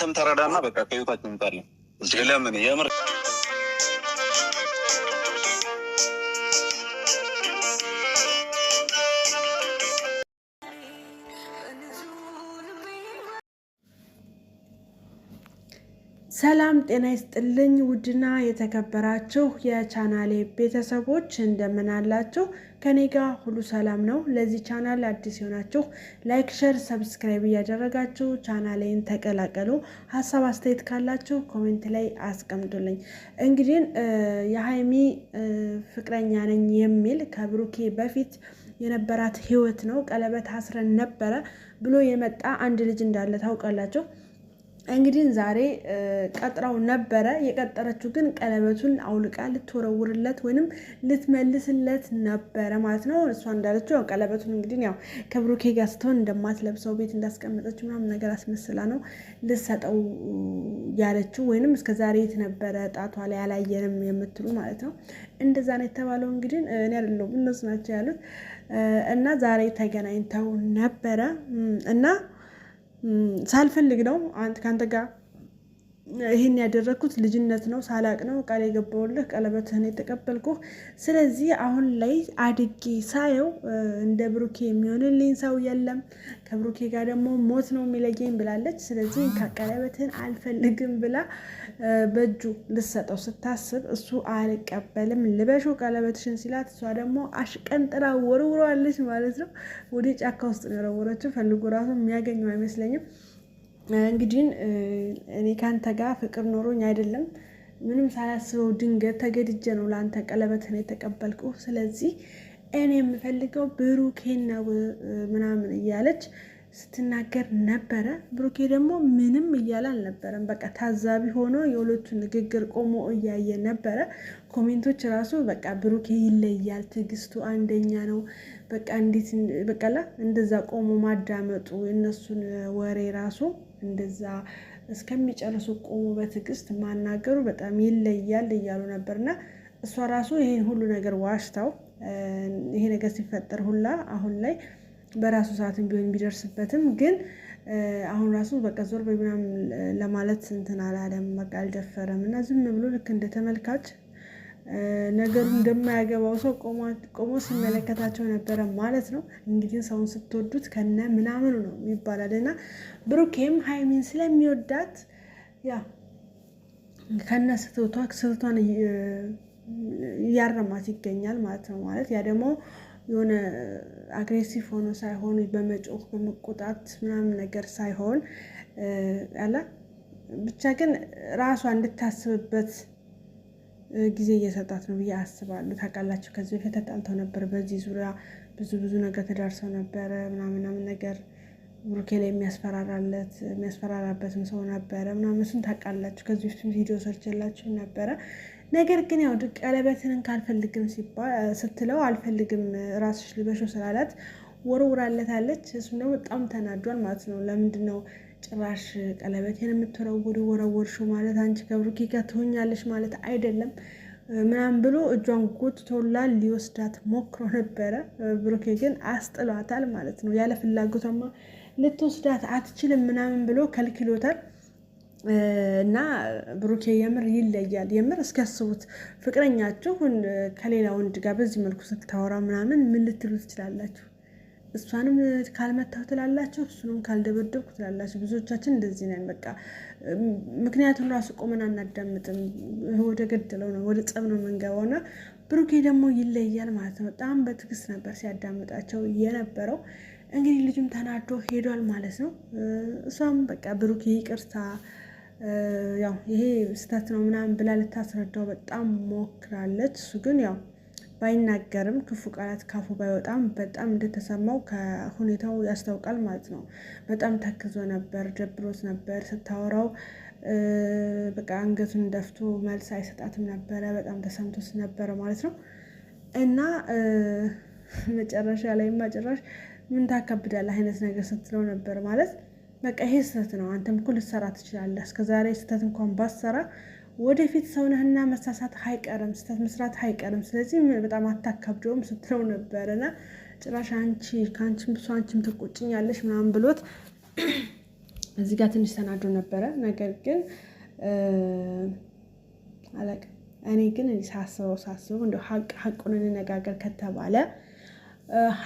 ተም ተረዳና በቃ ከህይወታችን ምጣለን። ለምን የምር ሰላም ጤና ይስጥልኝ። ውድና የተከበራችሁ የቻናሌ ቤተሰቦች እንደምን አላችሁ? ከኔ ጋ ሁሉ ሰላም ነው። ለዚህ ቻናል አዲስ የሆናችሁ ላይክ፣ ሸር፣ ሰብስክራይብ እያደረጋችሁ ቻናሌን ተቀላቀሉ። ሀሳብ አስተያየት ካላችሁ ኮሜንት ላይ አስቀምጡልኝ። እንግዲህ የሀይሚ ፍቅረኛ ነኝ የሚል ከብሩኬ በፊት የነበራት ህይወት ነው። ቀለበት አስረን ነበረ ብሎ የመጣ አንድ ልጅ እንዳለ ታውቃላችሁ። እንግዲህ ዛሬ ቀጥራው ነበረ። የቀጠረችው ግን ቀለበቱን አውልቃ ልትወረውርለት ወይንም ልትመልስለት ነበረ ማለት ነው። እሷ እንዳለችው ቀለበቱን እንግዲህ ያው ከብሩኬ ጋር ስትሆን እንደማትለብሰው ቤት እንዳስቀመጠች ምናምን ነገር አስመስላ ነው ልትሰጠው ያለችው። ወይንም እስከ ዛሬ የት ነበረ ጣቷ ላይ አላየንም የምትሉ ማለት ነው። እንደዛ ነው የተባለው። እንግዲህ እኔ አይደለሁም እነሱ ናቸው ያሉት። እና ዛሬ ተገናኝተው ነበረ እና ሳልፈልግ ነው ከአንተ ጋር ይህን ያደረግኩት ልጅነት ነው፣ ሳላቅ ነው ቃል የገባውልህ ቀለበትህን የተቀበልኩ። ስለዚህ አሁን ላይ አድጌ ሳየው እንደ ብሩኬ የሚሆንልኝ ሰው የለም፣ ከብሩኬ ጋር ደግሞ ሞት ነው የሚለየኝ ብላለች። ስለዚህ ቀለበትህን አልፈልግም ብላ በእጁ ልሰጠው ስታስብ እሱ አልቀበልም፣ ልበሹ ቀለበትሽን ሲላት እሷ ደግሞ አሽቀንጥራ ወርውረዋለች ማለት ነው። ወደ ጫካ ውስጥ ነው የወረወረችው። ፈልጎ ራሱ የሚያገኘው አይመስለኝም። እንግዲህ እኔ ከአንተ ጋር ፍቅር ኖሮኝ አይደለም ምንም ሳላስበው ድንገት ተገድጀ ነው ለአንተ ቀለበትን የተቀበልኩ። ስለዚህ እኔ የምፈልገው ብሩኬ ነው ምናምን እያለች ስትናገር ነበረ። ብሩኬ ደግሞ ምንም እያለ አልነበረም። በቃ ታዛቢ ሆኖ የሁለቱ ንግግር ቆሞ እያየ ነበረ። ኮሜንቶች ራሱ በቃ ብሩኬ ይለያል፣ ትዕግስቱ አንደኛ ነው። በቃ እንዴት በቃላ እንደዛ ቆሞ ማዳመጡ የእነሱን ወሬ ራሱ እንደዛ እስከሚጨርሱ ቆሙ በትዕግስት ማናገሩ በጣም ይለያል እያሉ ነበርና እሷ ራሱ ይህን ሁሉ ነገር ዋሽታው ይሄ ነገር ሲፈጠር ሁላ አሁን ላይ በራሱ ሰዓትም ቢሆን ቢደርስበትም ግን አሁን ራሱ በቃ ዞር በምናምን ለማለት እንትን አላለም፣ በቃ አልደፈረም እና ዝም ብሎ ልክ እንደ ተመልካች ነገሩ እንደማያገባው ሰው ቆሞ ሲመለከታቸው ነበረ ማለት ነው። እንግዲህ ሰውን ስትወዱት ከነ ምናምኑ ነው ይባላል እና ብሩኬም ሀይሚን ስለሚወዳት ያ ከነ ስህተቷ ስህተቷን እያረማት ይገኛል ማለት ነው። ማለት ያ ደግሞ የሆነ አግሬሲቭ ሆኖ ሳይሆን በመጮህ በመቆጣት ምናምን ነገር ሳይሆን ያለ ብቻ ግን ራሷ እንድታስብበት ጊዜ እየሰጣት ነው ብዬ አስባለሁ። ታውቃላችሁ ከዚህ በፊት ተጣልተው ነበር። በዚህ ዙሪያ ብዙ ብዙ ነገር ተዳርሰው ነበረ ምናምናምን ነገር ብሩኬ ላይ የሚያስፈራራለት የሚያስፈራራበትም ሰው ነበረ ምናምን እሱን ታውቃላችሁ። ከዚህ በፊትም ቪዲዮ ሰርችላችሁ ነበረ። ነገር ግን ያው ቀለበትንን ካልፈልግም ስትለው አልፈልግም ራስሽ ልበሽው ስላላት ወርውራለታለች። እሱም ደግሞ በጣም ተናዷል ማለት ነው። ለምንድን ነው ጭራሽ ቀለበቴን የምትወረውሪ ወረወርሽው ማለት አንቺ ከብሩኬ ጋር ትሆኛለሽ ማለት አይደለም ምናምን ብሎ እጇን ጎትቶላ ሊወስዳት ሞክሮ ነበረ። ብሩኬ ግን አስጥሏታል ማለት ነው። ያለ ፍላጎቷማ ልትወስዳት አትችልም ምናምን ብሎ ከልክሎታል። እና ብሩኬ የምር ይለያል። የምር እስኪያስቡት ፍቅረኛችሁን ከሌላ ወንድ ጋር በዚህ መልኩ ስታወራ ምናምን ምን ልትሉ ትችላላችሁ? እሷንም ካልመታሁ ትላላችሁ፣ እሱንም ካልደበደብኩ ትላላችሁ። ብዙዎቻችን እንደዚህ ነን። በቃ ምክንያቱም ራሱ ቆመን አናዳምጥም። ወደ ገደለው ነው ወደ ጸብ ነው የምንገባው። እና ብሩኬ ደግሞ ይለያል ማለት ነው። በጣም በትዕግስት ነበር ሲያዳምጣቸው የነበረው። እንግዲህ ልጁም ተናዶ ሄዷል ማለት ነው። እሷም በቃ ብሩኬ ይቅርታ፣ ያው ይሄ ስህተት ነው ምናምን ብላ ልታስረዳው በጣም ሞክራለች። እሱ ግን ያው ባይናገርም ክፉ ቃላት ካፉ ባይወጣም በጣም እንደተሰማው ከሁኔታው ያስታውቃል ማለት ነው። በጣም ተክዞ ነበር፣ ደብሮት ነበር። ስታወራው በቃ አንገቱን ደፍቶ መልስ አይሰጣትም ነበረ። በጣም ተሰምቶ ነበረ ማለት ነው። እና መጨረሻ ላይ ጭራሽ ምን ታከብዳለህ አይነት ነገር ስትለው ነበር ማለት በቃ ይሄ ስህተት ነው። አንተም እኮ ልትሰራ ትችላለህ። እስከዛሬ ስህተት እንኳን ባሰራ ወደፊት ሰውነህና መሳሳት አይቀርም ስህተት መስራት አይቀርም፣ ስለዚህ በጣም አታካብደውም ስትለው ነበረ ነበረና ጭራሽ አንቺ ከአንቺም ብሶ አንቺም ትቆጭኛለሽ ምናምን ብሎት እዚህ ጋር ትንሽ ተናዶ ነበረ። ነገር ግን አለቅ እኔ ግን ሳስበው ሳስበው እንደ ሀቁን እንነጋገር ከተባለ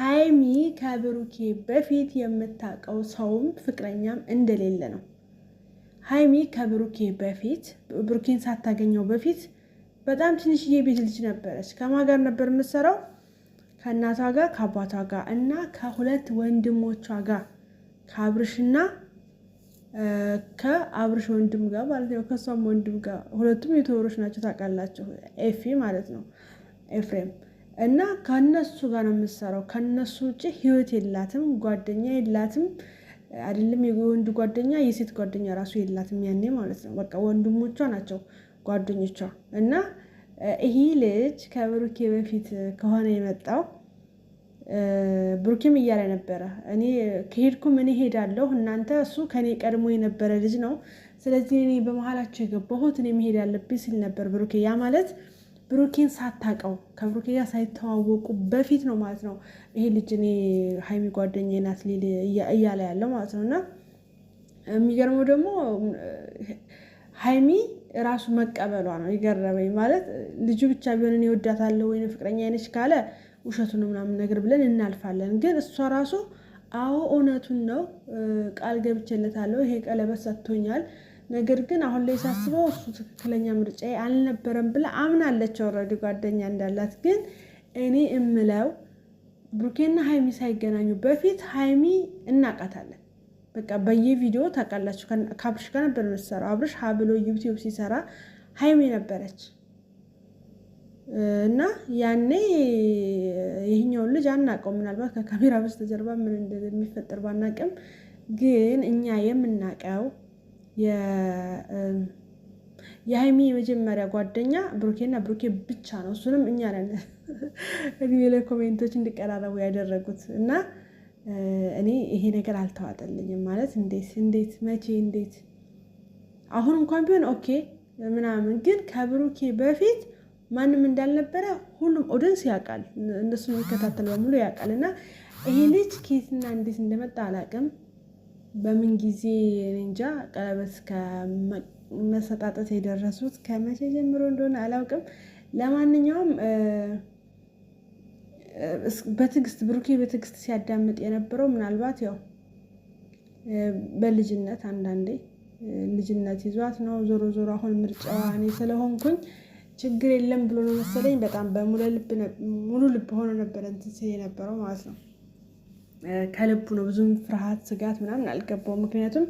ሀይሚ ከብሩኬ በፊት የምታውቀው ሰውም ፍቅረኛም እንደሌለ ነው። ሀይሚ ከብሩኬ በፊት ብሩኬን ሳታገኘው በፊት በጣም ትንሽዬ ቤት ልጅ ነበረች። ከማ ጋር ነበር የምትሰራው? ከእናቷ ጋር ከአባቷ ጋር እና ከሁለት ወንድሞቿ ጋር ከአብርሽና ከአብርሽ ወንድም ጋር ማለት ነው። ከእሷም ወንድም ጋር ሁለቱም የተወሮች ናቸው ታቃላቸው ኤፊ ማለት ነው ኤፍሬም እና ከነሱ ጋር ነው የምትሰራው። ከነሱ ውጭ ህይወት የላትም፣ ጓደኛ የላትም። አይደለም የወንድ ጓደኛ የሴት ጓደኛ ራሱ የላትም ያኔ ማለት ነው። በቃ ወንድሞቿ ናቸው ጓደኞቿ። እና ይሄ ልጅ ከብሩኬ በፊት ከሆነ የመጣው ብሩኬም እያለ ነበረ፣ እኔ ከሄድኩ ምን ሄዳለሁ፣ እናንተ እሱ ከኔ ቀድሞ የነበረ ልጅ ነው። ስለዚህ እኔ በመሀላቸው የገባሁት እኔ መሄድ ያለብኝ ሲል ነበር ብሩኬ ያ ማለት ብሩኬን ሳታቀው ከብሩኬ ጋር ሳይተዋወቁ በፊት ነው ማለት ነው ይሄ ልጅ እኔ ሀይሚ ጓደኛ ናት ሊል እያለ ያለው ማለት ነው። እና የሚገርመው ደግሞ ሀይሚ ራሱ መቀበሏ ነው የገረመኝ። ማለት ልጁ ብቻ ቢሆን እኔ ወዳታለሁ ወይም ፍቅረኛ አይነች ካለ ውሸቱን ምናምን ነገር ብለን እናልፋለን። ግን እሷ ራሱ አዎ እውነቱን ነው ቃል ገብቼለታለሁ ይሄ ቀለበት ሰጥቶኛል ነገር ግን አሁን ላይ ሳስበው እሱ ትክክለኛ ምርጫ አልነበረም ብላ አምናለች። ኦልሬዲ ጓደኛ እንዳላት ግን እኔ እምለው ብሩኬና ሀይሚ ሳይገናኙ በፊት ሀይሚ እናቃታለን። በቃ በየቪዲዮ ታውቃላችሁ። ከአብርሽ ጋር ነበር የምትሰራው። አብርሽ ሀ ብሎ ዩቲዩብ ሲሰራ ሀይሚ ነበረች እና ያኔ ይህኛውን ልጅ አናውቀው። ምናልባት ከካሜራ በስተጀርባ ምን እንደሚፈጠር ባናውቅም ግን እኛ የምናውቀው የሀይሚ የመጀመሪያ ጓደኛ ብሩኬና ብሩኬ ብቻ ነው። እሱንም እኛ ነን እድሜ ለኮሜንቶች እንዲቀራረቡ ያደረጉት እና እኔ ይሄ ነገር አልተዋጠልኝም። ማለት እንዴት እንዴት መቼ እንዴት አሁን እንኳን ቢሆን ኦኬ ምናምን፣ ግን ከብሩኬ በፊት ማንም እንዳልነበረ ሁሉም ኦደንስ ያውቃል፣ እንደሱ የሚከታተል በሙሉ ያውቃል። እና ይሄ ልጅ ኬትና እንዴት እንደመጣ አላውቅም። በምን ጊዜ እንጃ ቀለበት ከመሰጣጠት የደረሱት ከመቼ ጀምሮ እንደሆነ አላውቅም። ለማንኛውም በትዕግስት ብሩኬ በትዕግስት ሲያዳምጥ የነበረው ምናልባት ያው በልጅነት አንዳንዴ ልጅነት ይዟት ነው። ዞሮ ዞሮ አሁን ምርጫዋ እኔ ስለሆንኩኝ ችግር የለም ብሎ ነው መሰለኝ። በጣም በሙሉ ልብ ሆኖ ነበረ እንትን ሲል የነበረው ማለት ነው። ከልቡ ነው። ብዙም ፍርሃት፣ ስጋት ምናምን አልገባው። ምክንያቱም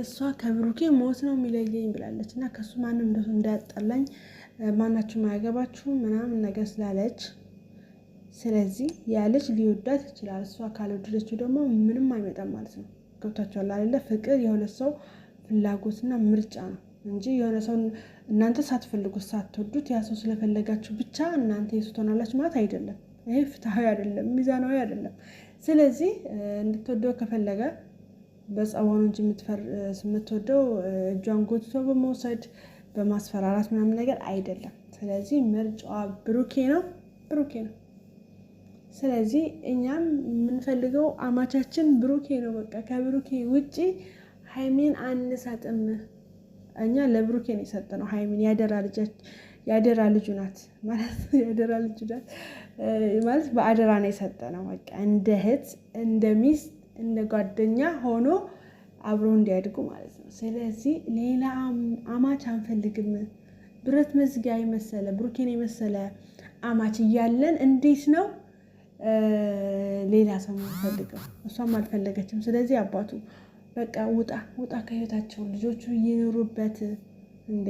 እሷ ከብሩኬ ሞት ነው የሚለየኝ ብላለች እና ከሱ ማንም እንደሱ እንዳያጣላኝ ማናችሁም አያገባችሁም ምናምን ነገር ስላለች ስለዚህ ያለች ሊወዳት ይችላል። እሷ ካልወደደችው ደግሞ ምንም አይመጣም ማለት ነው። ገብታችኋል አይደለ? ፍቅር የሁለት ሰው ፍላጎትና ምርጫ ነው እንጂ የሆነ ሰው እናንተ ሳትፈልጉት ሳትወዱት ያ ሰው ስለፈለጋችሁ ብቻ እናንተ የሱ ትሆናላችሁ ማለት አይደለም። ይሄ ፍትሐዊ አይደለም፣ ሚዛናዊ አይደለም። ስለዚህ እንድትወደው ከፈለገ በጸባውን እንጂ የምትወደው እጇን ጎትቶ በመውሰድ በማስፈራራት ምናምን ነገር አይደለም። ስለዚህ ምርጫዋ ብሩኬ ነው፣ ብሩኬ ነው። ስለዚህ እኛም የምንፈልገው አማቻችን ብሩኬ ነው። በቃ ከብሩኬ ውጪ ሀይሚን አንሰጥም። እኛ ለብሩኬ ነው የሰጠነው ሀይሜን ያደራ ልጃችን የአደራ ልጁ ናት ማለት የአደራ ልጁ ናት ማለት በአደራ ነው ነው። በቃ እንደ እህት፣ እንደ ሚስት፣ እንደ ጓደኛ ሆኖ አብሮ እንዲያድጉ ማለት ነው። ስለዚህ ሌላ አማች አንፈልግም። ብረት መዝጊያ የመሰለ ብሩኬን የመሰለ አማች እያለን እንዴት ነው ሌላ ሰው የምንፈልገው? እሷም አልፈለገችም። ስለዚህ አባቱ በቃ ውጣ ውጣ ከህይወታቸው ልጆቹ እየኖሩበት እንዴ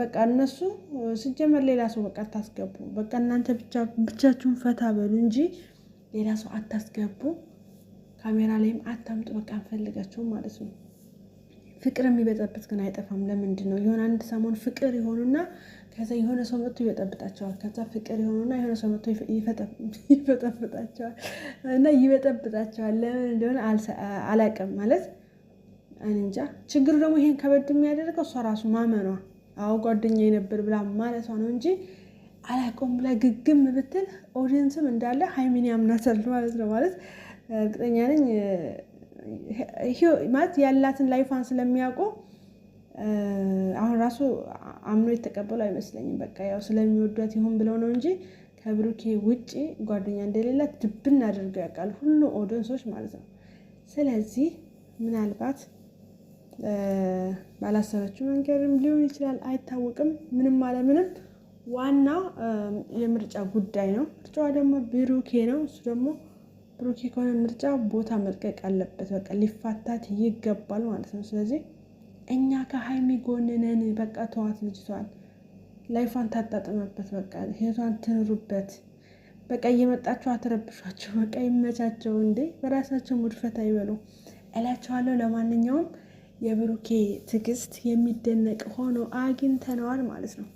በቃ እነሱ ስጀመር ሌላ ሰው በቃ አታስገቡ። በቃ እናንተ ብቻችሁን ፈታ በሉ እንጂ ሌላ ሰው አታስገቡ። ካሜራ ላይም አታምጡ። በቃ አንፈልጋቸውም ማለት ነው። ፍቅር የሚበጠብጥ ግን አይጠፋም። ለምንድን ነው የሆነ አንድ ሰሞን ፍቅር የሆኑና ከዛ የሆነ ሰው መጥቶ ይበጠብጣቸዋል። ከዛ ፍቅር የሆኑና የሆነ ሰው መጥቶ ይበጠብጣቸዋል እና ይበጠብጣቸዋል። ለምን እንደሆነ አላውቅም ማለት እንጃ። ችግሩ ደግሞ ይሄን ከበድ የሚያደርገው እሷ ራሱ ማመኗ አዎ ጓደኛ ነበር ብላ ማለቷ ነው እንጂ አላውቀውም ብላ ግግም ብትል ኦዲየንስም እንዳለ ሀይሚን ያምናታል ማለት ነው። ማለት እርግጠኛ ነኝ ማለት ያላትን ላይፋን ስለሚያውቁ አሁን ራሱ አምኖ የተቀበሉ አይመስለኝም። በቃ ያው ስለሚወዷት ይሁን ብለው ነው እንጂ ከብሩኬ ውጪ ጓደኛ እንደሌላት ድብን አድርገው ያውቃል ሁሉ ኦዲየንሶች ማለት ነው። ስለዚህ ምናልባት ባላሰበችው መንገድም ሊሆን ይችላል፣ አይታወቅም። ምንም አለምንም ዋና የምርጫ ጉዳይ ነው። ምርጫዋ ደግሞ ብሩኬ ነው። እሱ ደግሞ ብሩኬ ከሆነ ምርጫ ቦታ መልቀቅ አለበት። በቃ ሊፋታት ይገባል ማለት ነው። ስለዚህ እኛ ከሀይሚ ጎን ነን። በቃ ተዋት ልጅቷን፣ ላይፏን ታጣጥመበት፣ በቃ ህይወቷን ትኑሩበት። በቃ እየመጣችሁ አትረብሿቸው። በቃ ይመቻቸው እንዴ! በራሳቸው ሙድፈት አይበሉ እላቸዋለሁ። ለማንኛውም የብሩኬ ትዕግስት የሚደነቅ ሆኖ አግኝተነዋል ማለት ነው።